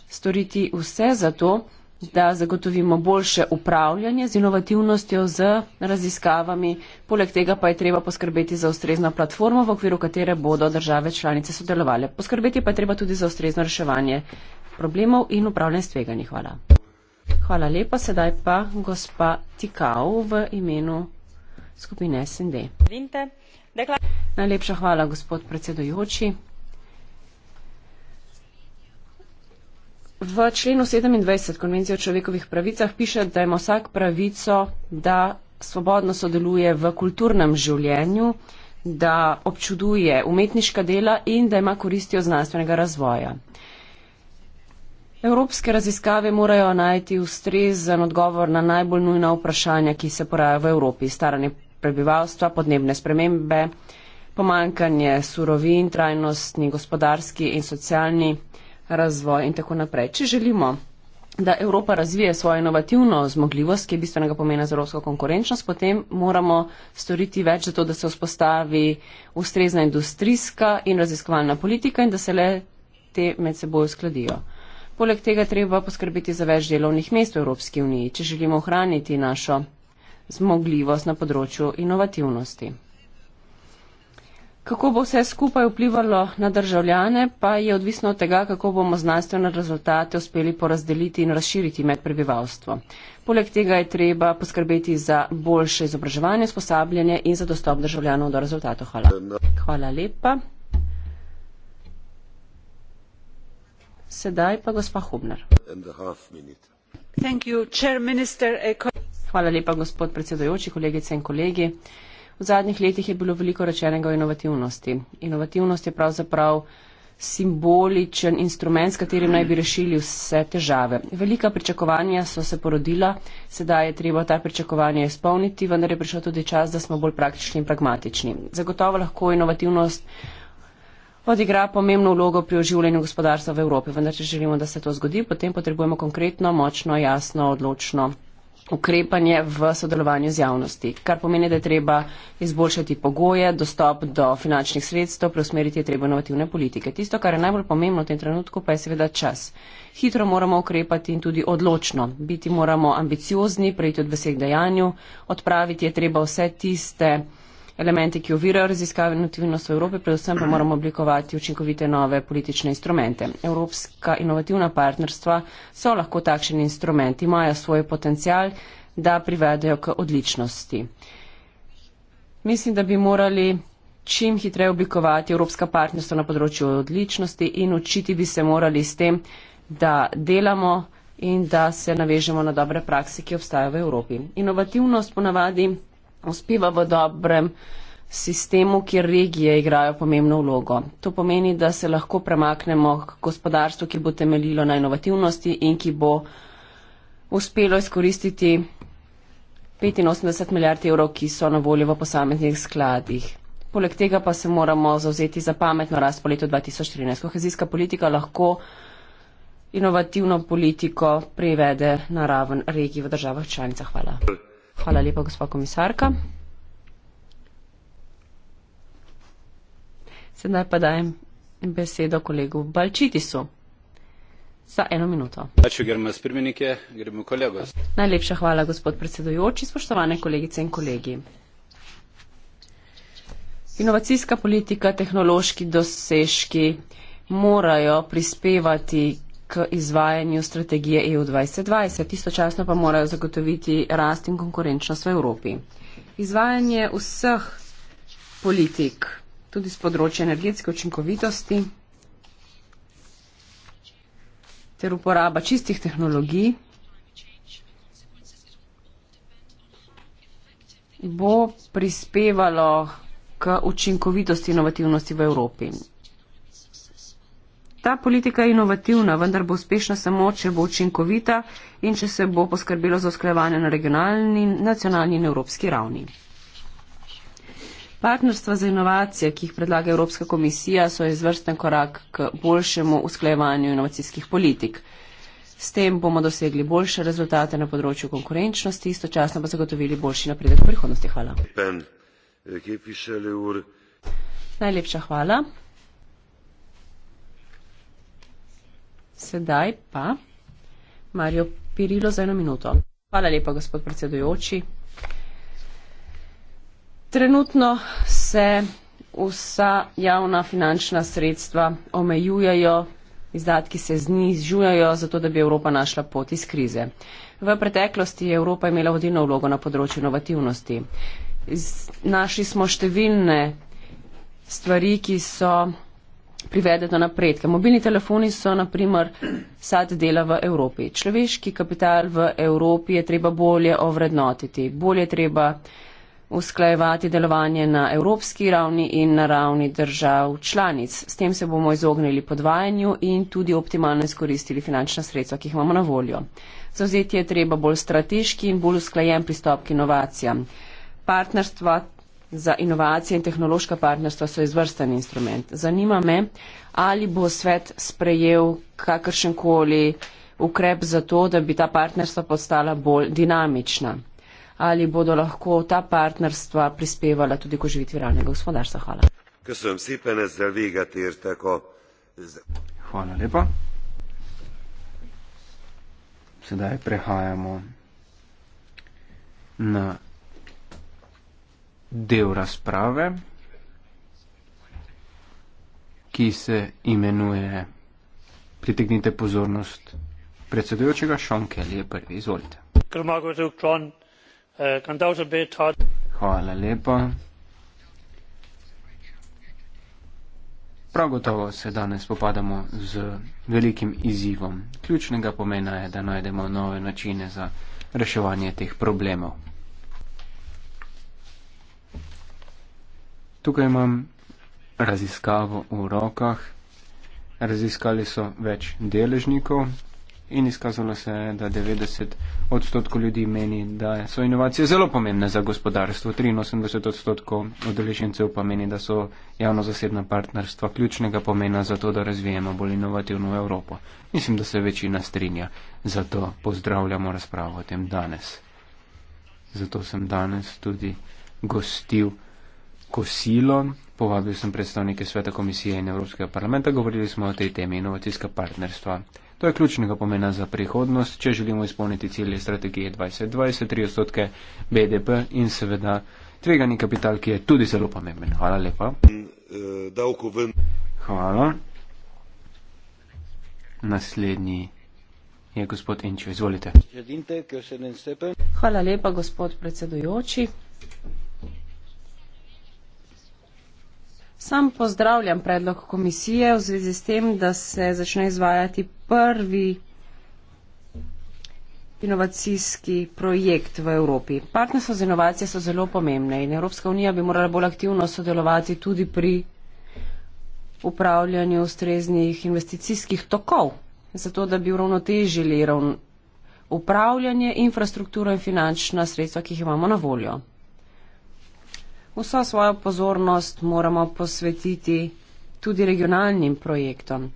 storiti vse za to, da zagotovimo boljše upravljanje z inovativnostjo, z raziskavami. Poleg tega pa je treba poskrbeti za ustrezno platformo, v okviru katere bodo države članice sodelovali. Poskrbeti pa je treba tudi za ustrezno reševanje problemov in upravljanje stveganji. Hvala. Hvala lepa. Sedaj pa gospa Tikau v imenu skupine SND. Najlepša hvala, gospod predsedujoči. V členu 27 Konvencije o človekovih pravicah piše, da ima vsak pravico, da svobodno sodeluje v kulturnem življenju, da občuduje umetniška dela in da ima koristi od znanstvenega razvoja. Evropske raziskave morajo najti ustrezen odgovor na najbolj nujna vprašanja, ki se porajajo v Evropi. Staranje prebivalstva, podnebne spremembe, pomankanje surovin, trajnostni, gospodarski in socialni razvoj in tako naprej. Če želimo, da Evropa razvije svojo inovativno zmogljivost, ki je bistvenega pomena za evropsko konkurenčnost, potem moramo storiti več za to, da se vzpostavi ustrezna industrijska in raziskovalna politika in da se le te med seboj uskladijo. Poleg tega treba poskrbeti za več delovnih mest v Evropski uniji, če želimo ohraniti našo zmogljivost na področju inovativnosti. Kako bo vse skupaj vplivalo na državljane, pa je odvisno od tega, kako bomo znanstvene rezultate uspeli porazdeliti in razširiti med prebivalstvo. Poleg tega je treba poskrbeti za boljše izobraževanje, sposabljanje in za dostop državljanov do rezultatov. Hvala. Hvala lepa. Sedaj pa gospa Hubner. Hvala lepa, gospod predsedojoči, kolegice in kolegi. V zadnjih letih je bilo veliko rečenega o inovativnosti. Inovativnost je pravzaprav simboličen instrument, s katerim naj bi rešili vse težave. Velika pričakovanja so se porodila, sedaj je treba ta pričakovanja izpolniti, vendar je prišel tudi čas, da smo bolj praktični in pragmatični. Zagotovo lahko inovativnost odigra pomembno vlogo pri oživljanju gospodarstva v Evropi, vendar če želimo, da se to zgodi, potem potrebujemo konkretno, močno, jasno, odločno ukrepanje v sodelovanju z javnosti, kar pomeni, da je treba izboljšati pogoje, dostop do finančnih sredstev, preusmeriti je treba inovativne politike. Tisto, kar je najbolj pomembno v tem trenutku, pa je seveda čas. Hitro moramo ukrepati in tudi odločno. Biti moramo ambiciozni, prejti od vseh dejanju, odpraviti je treba vse tiste elementi, ki ovirajo raziskave inovativnost v Evropi, predvsem pa moramo oblikovati učinkovite nove politične instrumente. Evropska inovativna partnerstva so lahko takšen instrument, imajo svoj potencial, da privedejo k odličnosti. Mislim, da bi morali čim hitreje oblikovati evropska partnerstva na področju odličnosti in učiti bi se morali s tem, da delamo in da se navežemo na dobre prakse, ki obstajajo v Evropi. Inovativnost ponavadi uspeva v dobrem sistemu, kjer regije igrajo pomembno vlogo. To pomeni, da se lahko premaknemo k gospodarstvu, ki bo temeljilo na inovativnosti in ki bo uspelo izkoristiti 85 milijard evrov, ki so na voljo v posameznih skladih. Poleg tega pa se moramo zauzeti za pametno rast po letu 2013. Kohezijska politika lahko inovativno politiko prevede na raven regij v državah članicah. Hvala. Hvala lepa, gospa komisarka. Sedaj pa dajem besedo kolegu Balčitisu za eno minuto. Najlepša hvala, gospod predsedujoči, spoštovane kolegice in kolegi. Inovacijska politika, tehnološki dosežki morajo prispevati k izvajanju strategije EU 2020, istočasno pa morajo zagotoviti rast in konkurenčnost v Evropi. Izvajanje vseh politik, tudi z področja energetske učinkovitosti ter uporaba čistih tehnologij, bo prispevalo k učinkovitosti inovativnosti v Evropi. Ta politika je inovativna, vendar bo uspešna samo, če bo učinkovita in če se bo poskrbelo za usklajevanje na regionalni, nacionalni in evropski ravni. Partnerstva za inovacije, ki jih predlaga Evropska komisija, so izvrsten korak k boljšemu usklajevanju inovacijskih politik. S tem bomo dosegli boljše rezultate na področju konkurenčnosti, istočasno pa zagotovili boljši napredek v prihodnosti. Hvala. Eh, Najlepša hvala. Sedaj pa Marijo Pirilo za eno minuto. Hvala lepa, gospod predsedujoči. Trenutno se vsa javna finančna sredstva omejujejo, izdatki se znižujejo, zato da bi Evropa našla pot iz krize. V preteklosti je Evropa imela vodilno vlogo na področju inovativnosti. Našli smo številne stvari, ki so privede do napredka. Mobilni telefoni so naprimer sad dela v Evropi. Človeški kapital v Evropi je treba bolje ovrednotiti, bolje treba usklajevati delovanje na evropski ravni in na ravni držav članic. S tem se bomo izognili podvajanju in tudi optimalno izkoristili finančna sredstva, ki jih imamo na voljo. Zavzeti je treba bolj strateški in bolj usklajen pristop k inovacijam. Partnerstva za inovacije in tehnološka partnerstva so izvrsten instrument. Zanima me, ali bo svet sprejel kakršenkoli ukrep za to, da bi ta partnerstva postala bolj dinamična. Ali bodo lahko ta partnerstva prispevala tudi k oživitvi realnega gospodarstva? Hvala. Hvala lepa. Sedaj prehajamo na del razprave, ki se imenuje Pritegnite pozornost predsedujočega Šonke, ali je prvi, izvolite. Hvala lepa. Prav gotovo se danes popadamo z velikim izzivom. Ključnega pomena je, da najdemo nove načine za reševanje teh problemov. Tukaj imam raziskavo v rokah. Raziskali so več deležnikov in izkazalo se je, da 90 odstotkov ljudi meni, da so inovacije zelo pomembne za gospodarstvo. 83 odstotkov odeležencev pa meni, da so javno-zasebna partnerstva ključnega pomena za to, da razvijemo bolj inovativno Evropo. Mislim, da se večina strinja. Zato pozdravljamo razpravo o tem danes. Zato sem danes tudi gostil kosilo, povabil sem predstavnike sveta komisije in Evropskega parlamenta, govorili smo o tej temi inovacijska partnerstva. To je ključnega pomena za prihodnost, če želimo izpolniti cilje strategije 2020, 3 odstotke BDP in seveda tvegani kapital, ki je tudi zelo pomemben. Hvala lepa. Hvala. Naslednji je gospod Enčo, izvolite. Hvala lepa, gospod predsedujoči. Sam pozdravljam predlog komisije v zvezi s tem, da se začne izvajati prvi inovacijski projekt v Evropi. Partnerstvo z inovacije so zelo pomembne in Evropska unija bi morala bolj aktivno sodelovati tudi pri upravljanju ustreznih investicijskih tokov, zato da bi uravnotežili ravn upravljanje, infrastrukturo in finančna sredstva, ki jih imamo na voljo vso svojo pozornost moramo posvetiti tudi regionalnim projektom.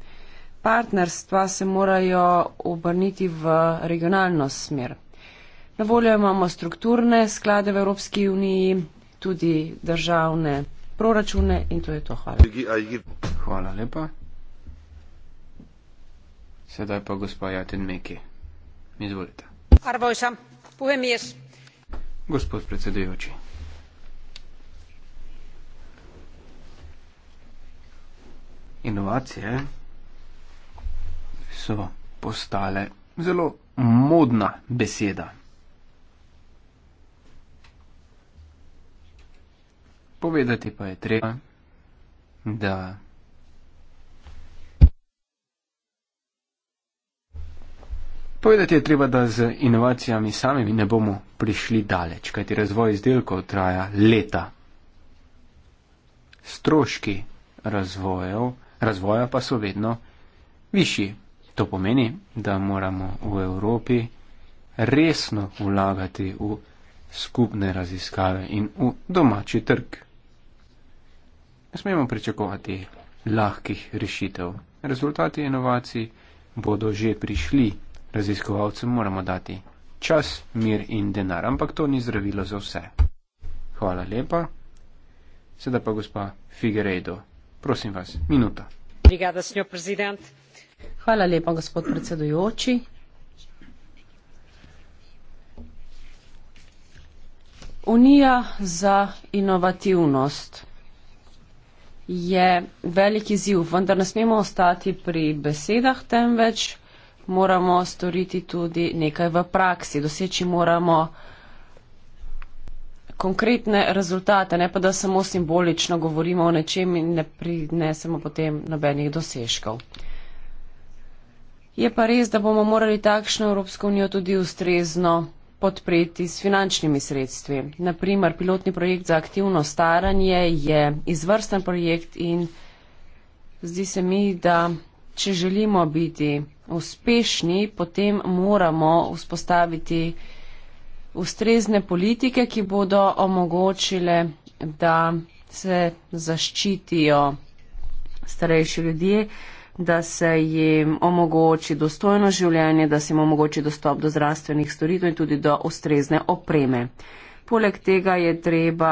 Partnerstva se morajo obrniti v regionalno smer. Na voljo imamo strukturne sklade v Evropski uniji, tudi državne proračune in to je to. Hvala. Hvala lepa. Sedaj pa gospa Jaten Meki. Izvolite. Arvoisa puhemies. Gospod predsedujoči. inovacije so postale zelo modna beseda. Povedati pa je treba, da Povedati je treba, da z inovacijami samimi ne bomo prišli daleč, kajti razvoj izdelkov traja leta. Stroški razvojev razvoja pa so vedno višji. To pomeni, da moramo v Evropi resno vlagati v skupne raziskave in v domači trg. Ne smemo pričakovati lahkih rešitev. Rezultati inovacij bodo že prišli. Raziskovalcem moramo dati čas, mir in denar, ampak to ni zdravilo za vse. Hvala lepa. Sedaj pa gospa Figueredo prosim vas, minuta. Obrigada, senhor presidente. Hvala lepa, gospod predsedujoči. Unija za inovativnost je velik izziv, vendar ne smemo ostati pri besedah, temveč moramo storiti tudi nekaj v praksi. Doseči moramo konkretne rezultate, ne pa da samo simbolično govorimo o nečem in ne prinesemo potem nobenih dosežkov. Je pa res, da bomo morali takšno Evropsko unijo tudi ustrezno podpreti s finančnimi sredstvi. Naprimer, pilotni projekt za aktivno staranje je izvrsten projekt in zdi se mi, da če želimo biti uspešni, potem moramo vzpostaviti ustrezne politike, ki bodo omogočile, da se zaščitijo starejši ljudje, da se jim omogoči dostojno življenje, da se jim omogoči dostop do zdravstvenih storitev in tudi do ustrezne opreme. Poleg tega je treba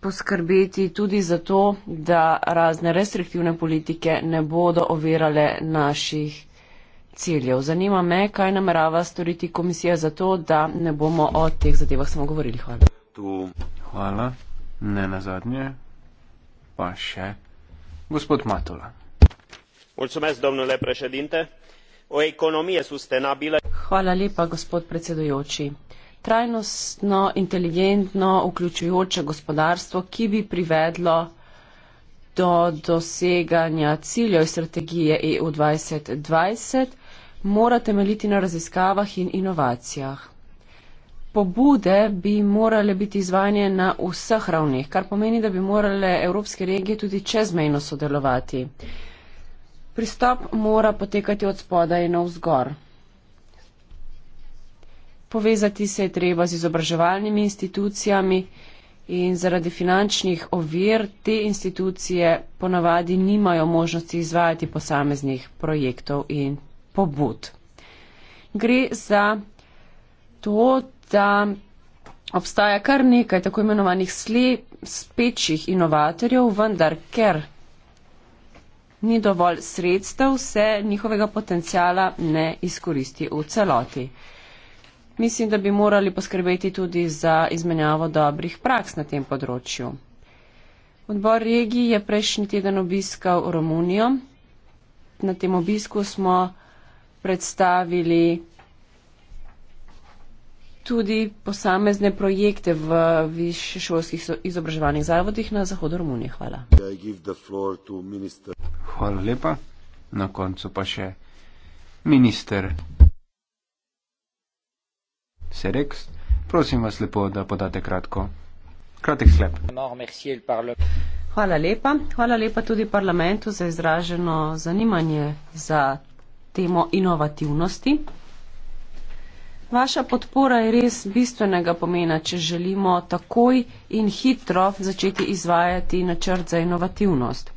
poskrbeti tudi za to, da razne restriktivne politike ne bodo ovirale naših ciljev. Zanima me, kaj namerava storiti komisija za to, da ne bomo o teh zadevah samo govorili. Hvala. Tu. Hvala. Ne na zadnje. Pa še gospod Matula. Mulțumesc, domnule președinte. O economie sustenabilă. Hvala lepa, gospod predsedujoči. Trajnostno, inteligentno, vključujoče gospodarstvo, ki bi privedlo do doseganja ciljev strategije EU 2020, mora temeljiti na raziskavah in inovacijah. Pobude bi morale biti izvajanje na vseh ravneh, kar pomeni, da bi morale evropske regije tudi čezmejno sodelovati. Pristop mora potekati od spodaj na vzgor. Povezati se je treba z izobraževalnimi institucijami in zaradi finančnih ovir te institucije ponavadi nimajo možnosti izvajati posameznih projektov in pobud. Gre za to, da obstaja kar nekaj tako imenovanih slepečih inovatorjev, vendar ker ni dovolj sredstev, se njihovega potencijala ne izkoristi v celoti. Mislim, da bi morali poskrbeti tudi za izmenjavo dobrih praks na tem področju. Odbor regiji je prejšnji teden obiskal Romunijo. Na tem obisku smo predstavili tudi posamezne projekte v višješolskih izobraževanjih zavodih na Zahodu Romunije. Hvala. Hvala lepa. Na koncu pa še minister Sereks. Prosim vas lepo, da podate kratko. Kratek sklep. Hvala lepa. Hvala lepa tudi parlamentu za izraženo zanimanje za temo inovativnosti. Vaša podpora je res bistvenega pomena, če želimo takoj in hitro začeti izvajati načrt za inovativnost.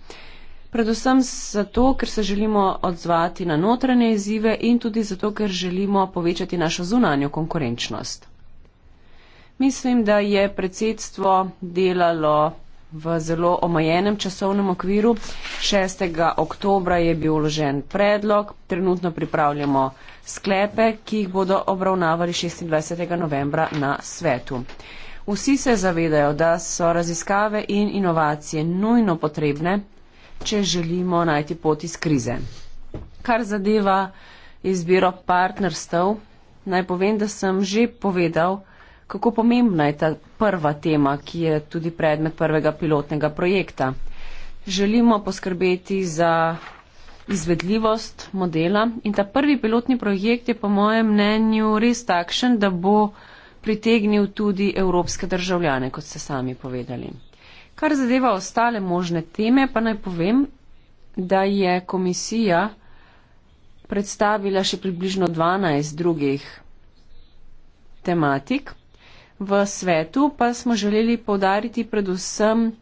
Predvsem zato, ker se želimo odzvati na notranje izzive in tudi zato, ker želimo povečati našo zunanjo konkurenčnost. Mislim, da je predsedstvo delalo v zelo omejenem časovnem okviru. 6. oktobra je bil vložen predlog, trenutno pripravljamo sklepe, ki jih bodo obravnavali 26. novembra na svetu. Vsi se zavedajo, da so raziskave in inovacije nujno potrebne, če želimo najti pot iz krize. Kar zadeva izbiro partnerstv, naj povem, da sem že povedal, Kako pomembna je ta prva tema, ki je tudi predmet prvega pilotnega projekta? Želimo poskrbeti za izvedljivost modela in ta prvi pilotni projekt je po mojem mnenju res takšen, da bo pritegnil tudi evropske državljane, kot ste sami povedali. Kar zadeva ostale možne teme, pa naj povem, da je komisija predstavila še približno 12 drugih tematik, v svetu, pa smo želeli povdariti predvsem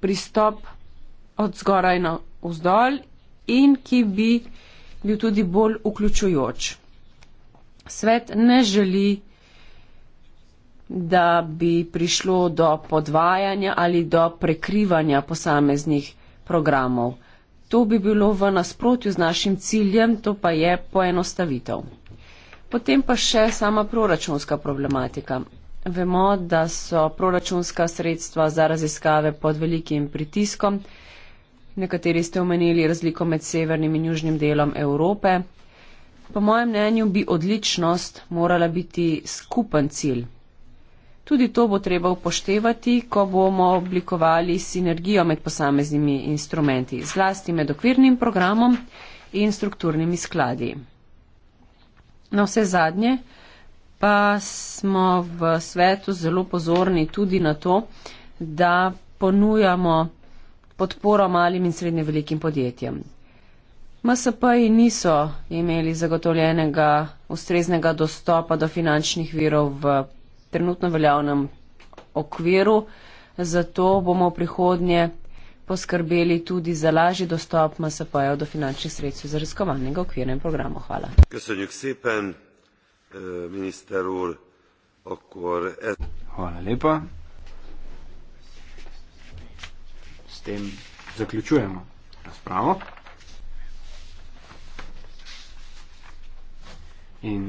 pristop od zgoraj na vzdolj in ki bi bil tudi bolj vključujoč. Svet ne želi, da bi prišlo do podvajanja ali do prekrivanja posameznih programov. To bi bilo v nasprotju z našim ciljem, to pa je poenostavitev. Potem pa še sama proračunska problematika. Vemo, da so proračunska sredstva za raziskave pod velikim pritiskom. Nekateri ste omenili razliko med severnim in južnim delom Evrope. Po mojem mnenju bi odličnost morala biti skupen cilj. Tudi to bo treba upoštevati, ko bomo oblikovali sinergijo med posameznimi instrumenti, zlasti med okvirnim programom in strukturnimi skladi. Na no, vse zadnje pa smo v svetu zelo pozorni tudi na to, da ponujamo podporo malim in srednje velikim podjetjem. MSP-ji niso imeli zagotovljenega ustreznega dostopa do finančnih virov v trenutno veljavnem okviru, zato bomo v prihodnje poskrbeli tudi za lažji dostop MSP-jev do finančnih sredstev za raziskovalnega okvirja in programa. Hvala. Köszönjük szépen, eh, minister úr, akkor ez... Hvala lepa. S tem zaključujemo razpravo. In